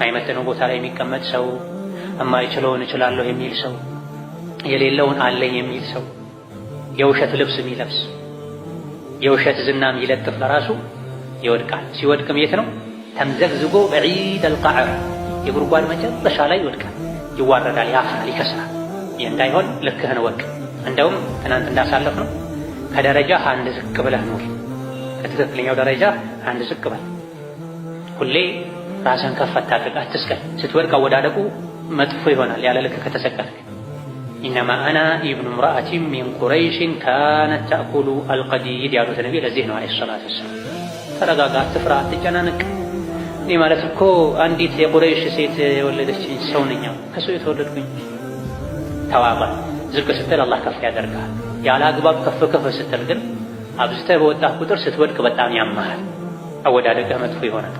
የማይመጥነው ቦታ ላይ የሚቀመጥ ሰው፣ የማይችለውን እችላለሁ የሚል ሰው፣ የሌለውን አለኝ የሚል ሰው፣ የውሸት ልብስ የሚለብስ የውሸት ዝና ይለጥፍ ለራሱ ይወድቃል። ሲወድቅም የት ነው? ተምዘግዝጎ በዒድ አልቃዕር የጉድጓድ መጨረሻ ላይ ይወድቃል፣ ይዋረዳል፣ ያፍራል፣ ይከስራል። ይህ እንዳይሆን ልክህን ወቅ እንደውም ትናንት እንዳሳለፍ ነው ከደረጃ አንድ ዝቅ ብለህ ኑር። ከትክክለኛው ደረጃ አንድ ዝቅ በል ሁሌ ራስህን ከፍ አታድርግ፣ አትስቀል። ስትወድቅ አወዳደቁ መጥፎ ይሆናል ያለ ልክ ከተሰቀልክ። ኢነማ አና ኢብኑ ምርአቲን ሚን ቁረይሽን ካነት ተእኩሉ አልቀዲድ ያሉት ነቢ ለዚህ ነው ዓለይሂ ሰላቱ ወሰላም። ተረጋጋ፣ አትፍራ፣ አትጨናነቅ። እኔ ማለት እኮ አንዲት የቁረይሽ ሴት የወለደችኝ ሰው ነኝ፣ ከሱ የተወለድኩኝ። ተዋባ፣ ዝቅ ስትል አላህ ከፍ ያደርግሃል። ያለ አግባብ ከፍ ከፍ ስትል ግን አብዝተህ በወጣህ ቁጥር ስትወድቅ በጣም ያማሃል፣ አወዳደቅህ መጥፎ ይሆናል።